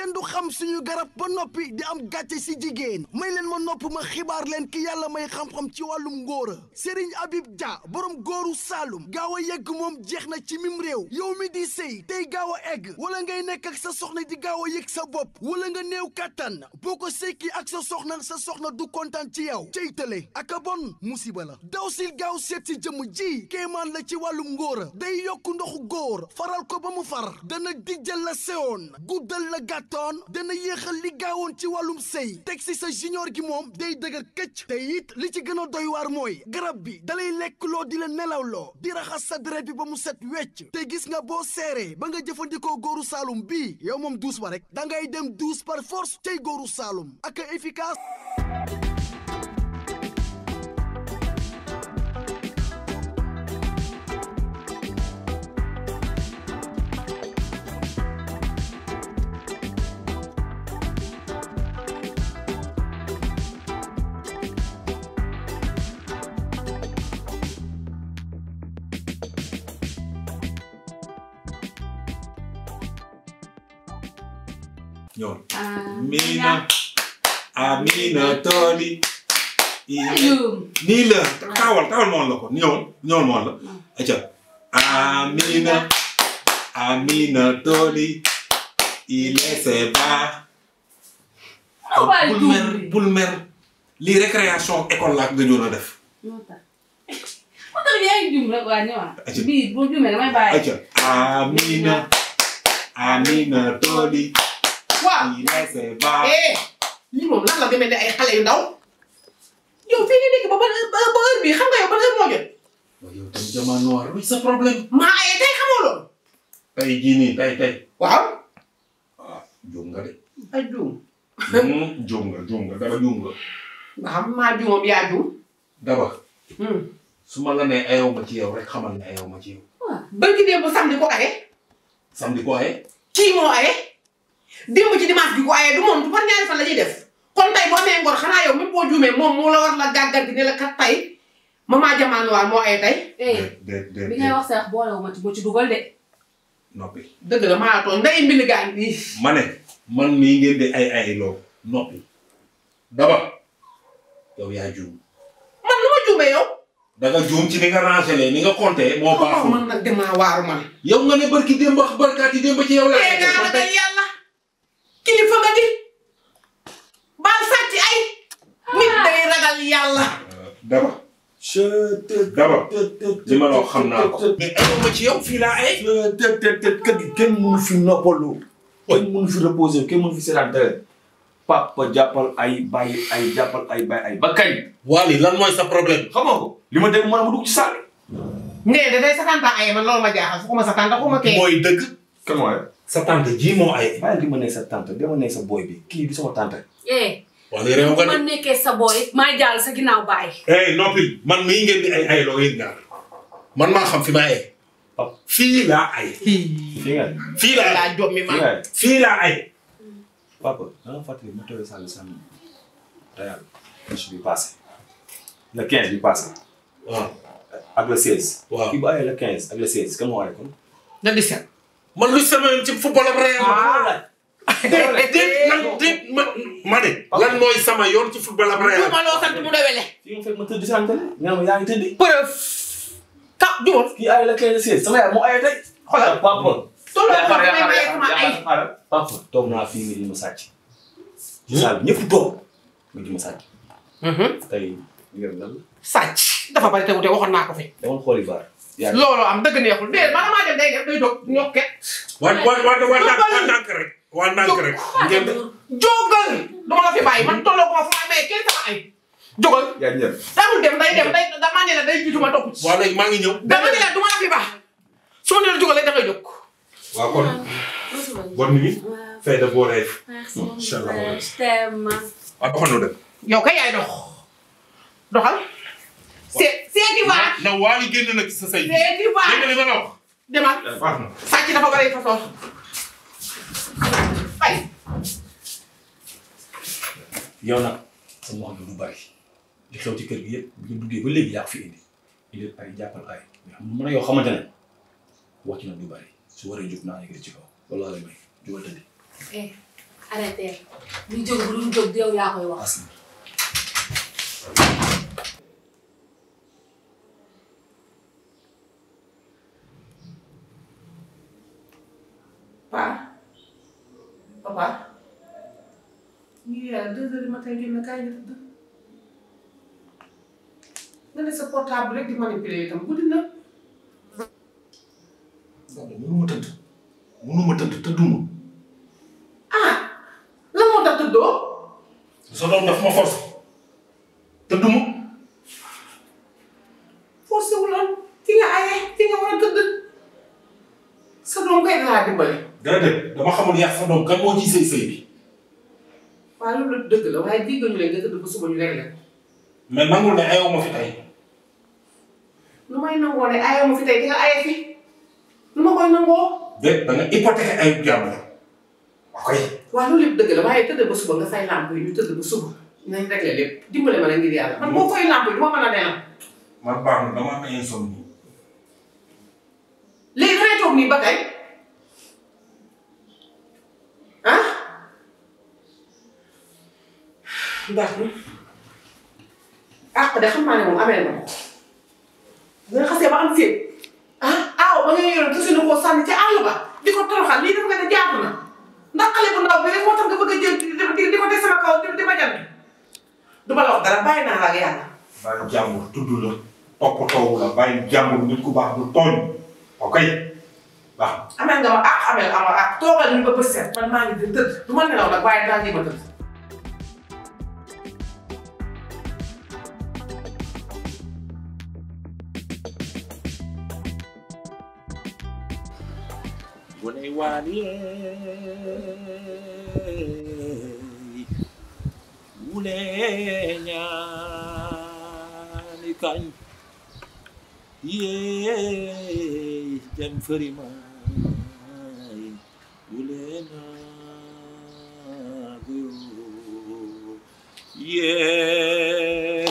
kenn du xam suñu garab ba noppi di am gàcce si jigéen may leen ma nopp ma xibaar leen ki yàlla may xam-xam ci wàllum ngóora Serigne abib Dia boroom góoru Saalum gaaw a yegg moom jeex na ci miim réew yow mi di sëy tey gaaw a egg wala ngay nekk ak sa soxna di gaaw a yëg sa bopp wala nga néew kàttan boo ko sekki ak sa soxna sa soxna du kontaan ci yow ceytale ak a bon musiba la daw si gaaw seet si jëmm ji kéemaan la ci wàllum ngóora day yokk ndoxu góor faral ko ba mu far dana dijjal la sewoon toon dana yéexal li gaawoon ci wàllum sey teg si sa junior gi moom day dëgër këcc tey it li ci gën a doy waar mooy garab bi dalay lekk loo di la nelaw loo di raxas sa deret bi ba mu set wecc te gis nga boo seeree ba nga jëfandikoo góoru saalum bi yow moom duus ba rek da ngay dem duus par force cay góoru saalum ak efficace ñoom. Amina Amina nii la taawal taawal moon la ko ñëwal ñëwal moon la. acca Amina Amina Toli il est ses bul mer bul mer lii récréation école la ak nga ñëw a def. Amina Amina Toli. waaw lii eh, moom lan la demee ne ay xale yu ndaw yow fii nga nekk ba ba ba heure bii xam nga yow ban heure yow tam jamono war sa problème. maa ay eh, tey xamoo loolu. tey jii nii tey tey. waaw. ah juum nga de. ay juum. Hmm, nga juum nga daba juum nga. nga xam hmm. su ma la nee ayaw ma ci yow rek xamal ne ayaw ma ci yow. waaw bëgg dee bu samedi ko aye. samedi ko aye. kii moo aye. démb ci dimanche bi ko ayee du moom du par ñaari fan la ñuy def kon tey boo amee xanaa yow même boo juumee moom moo la war la gàggal bi ne la kat tey maman jamaan waal moo aye tey. déet eh, déet ci ma de. noppi dëgg la maa la tooñ ndey mbili man mii ngeen di ay ay loo noppi daba yow yaa juum. man lu ma juumee yow. da nga juum ci ni nga rangé ni nga compté moo baaxul. man nag damaa waaru man. yow nga ne barki démb ak barkaati démb ci yow laa. Eh, d'abord li ma la xam naa ko. mais ayoo ma ci yow fii laa ay. te te te kër gi kenn mënu fi noppalu. kenn mënu fi reposer kenn mënu fi seetaan dara. papa jàppal ay bàyyi ay jàppal ay bàyyi ay ba kañ. Wally lan mooy sa problème. xam nga ko li ma dégg mu mu dugg ci salle. nee na day sa tante ay man loolu ma jaaxal fu ma sa tante fu ma kee. mooy dëgg. kan mooy. sa tante ji moo ay. bàyyi li ma nekk sa tante dama nekk sa boy bi kii bi sama tante. eh. wala yow nga ne man nekkee sa booy maa jaal sa baay. eh noppi man mii ngeen di ay loo yëg daal man maa fi maa yee. fii laa ay. fii laa ay fii laa laa jom fii laa ay. papa da nga fàttali mu tawee sànni sànni dayal bi passé le 15 bi passé. waaw ak le waay kon. le 17. man lu sama yoon ci football ak Real. Ah, déet ma ma de. lan mooy sama yoon ci football après. du ma loo sant mu dewele. fii nga fekk ma tëdd ay la kenn si sama yaay moo ay tey. xoolal papa. toog naa fii nga di ma sàcc. saal ñëpp toog ma sàcc. tey ngeen lan dafa bari te wute waxoon naa ko fi. dama xooli baar. looloo am dëgg neexul de man maa dem day def day jóg ñokket. wa wa wa wa waa ndànk rek ngeen jógal dama la fi bàyyi man tolloo ko ma fu ma amee kenn sama ay jógal yaa ngi dem day dem day dama ne la day jiitu ma topp ci waaw léegi maa ngi ñëw dama ne la du ma la fi baax su ma ne la jógalee da ngay jóg waaw kon bon nit fay da boo rey incha allah waaw doxandoo dem yow kay yaay dox doxal seet seeti baax na waa yi génn nag sa say seeti baax li ma la wax demal eh, sàcc dafa bari façon yow nag sa wax du bari di xew ci kër gi yëpp duggee ba léegi yaa fi indi indi ay jàppal ay mais a yoo xamante ne wax ci nag du bari su waree jóg naa nekk ci kaw loolu laa may jógal tëdd. eh arrêté lu jóg bu dul yaa koy wax. papa papa. yaa deux heures du matin génn kaay nga tëdd nga ne sa rek di manipuler itam guddi na. Ndeye tëdd mënuma tëdd tëdduma. ah lan moo tax tëddoo. sa daf ma force tëdduma. force wu lan fi nga ayee war a tëdd sa doom kay danaa dimbali. déedéet dama xamul yàq sa doom kan ci sëy sëy bi. waa loolu dëgg la waaye dégg ñu nga tëdd ba suba ñu réglé ko. mais nangul ma fi tey. lu may nangoo ne ma fi tey di nga aye fi lu ma koy nangoo. déet da nga hypothèque ay jàmbur. ok. waaw loolu yëpp dëgg la waaye tëdd ba suba nga fay làmp yi tëdd ba suba nañ réglé lépp dimbale ma la ngir yàlla. man boo fay làmp yi ma mën a neexam. man baax na damaa am insomnie. léegi dangay toog nii ba tey. ndax àq de xam naa Amel, moom amee na nga ah aaw ba nga yoroon tusi na koo sànni di ko toroxal lii dafa nga ne jaatu na ndax xale bu ndaw bi rek moo tax nga bëgg a jël di ko teg sama kaw di ma jant du ma la wax dara bàyyi naa amel nga ma amel ama àq toogal ñu ba bët set man maa ngi di tëdd du ma ñaani kañ yéey jam fërimaay wulee naa guyoo yéey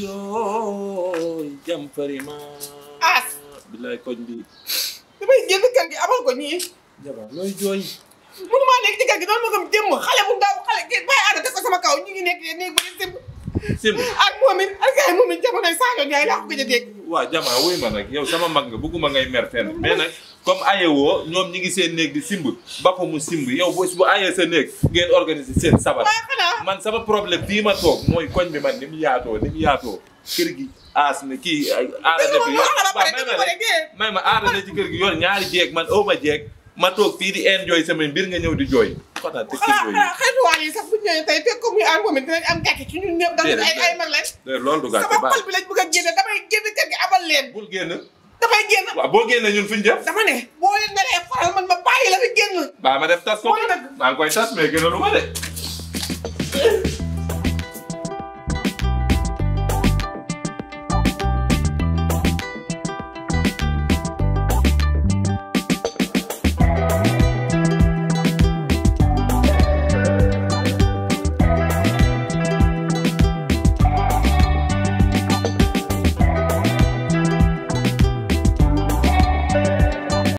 yoo jam fërimaay bilaay koñ bi damay génn kër a abal ko ñii. jabar looy jooy. mënumaa nekk ci kër gi doon ma gëm démb xale bu ndaw xale gi bàyyi aada def ko sama kaw ñu ngi nekk néeg ba simb. simb ak moom it ak ay moom it jamonoy Sadio Ndiaye laa ko gëj a dégg. jamaa wóy ma nag yow sama mag nga bëgguma ngay mer fenn mais nag comme ayewoo ñoom ñi ngi seen néeg di simb bappa mu simb yow boo bu ayee sa néeg geen organiser seen sabar man sama problème bii ma toog mooy koñ bi man ni mu yaatoo ni yaatoo kër gi aas na kii aada na fi yor may ma aada na ci kër gi yor ñaari jeeg man oo ma jeeg ma toog fii di enjoy sama mbir nga ñëw di jooy. kon nag tekki yi xeetu waa yi sax bu ñu ñëwee tey fekk ko muy ànd moom ñun ñëpp. dinañ ay ay mag lañ. loolu du gàcce sama xol bi lañ bëgg a génne damay génn kër boo génnee ñun fu ñu jëm. dama ne boo leen naree faral man ma bàyyi la fi génn. baa ma def tas ko maa ngi koy tas mais gënalu ma de.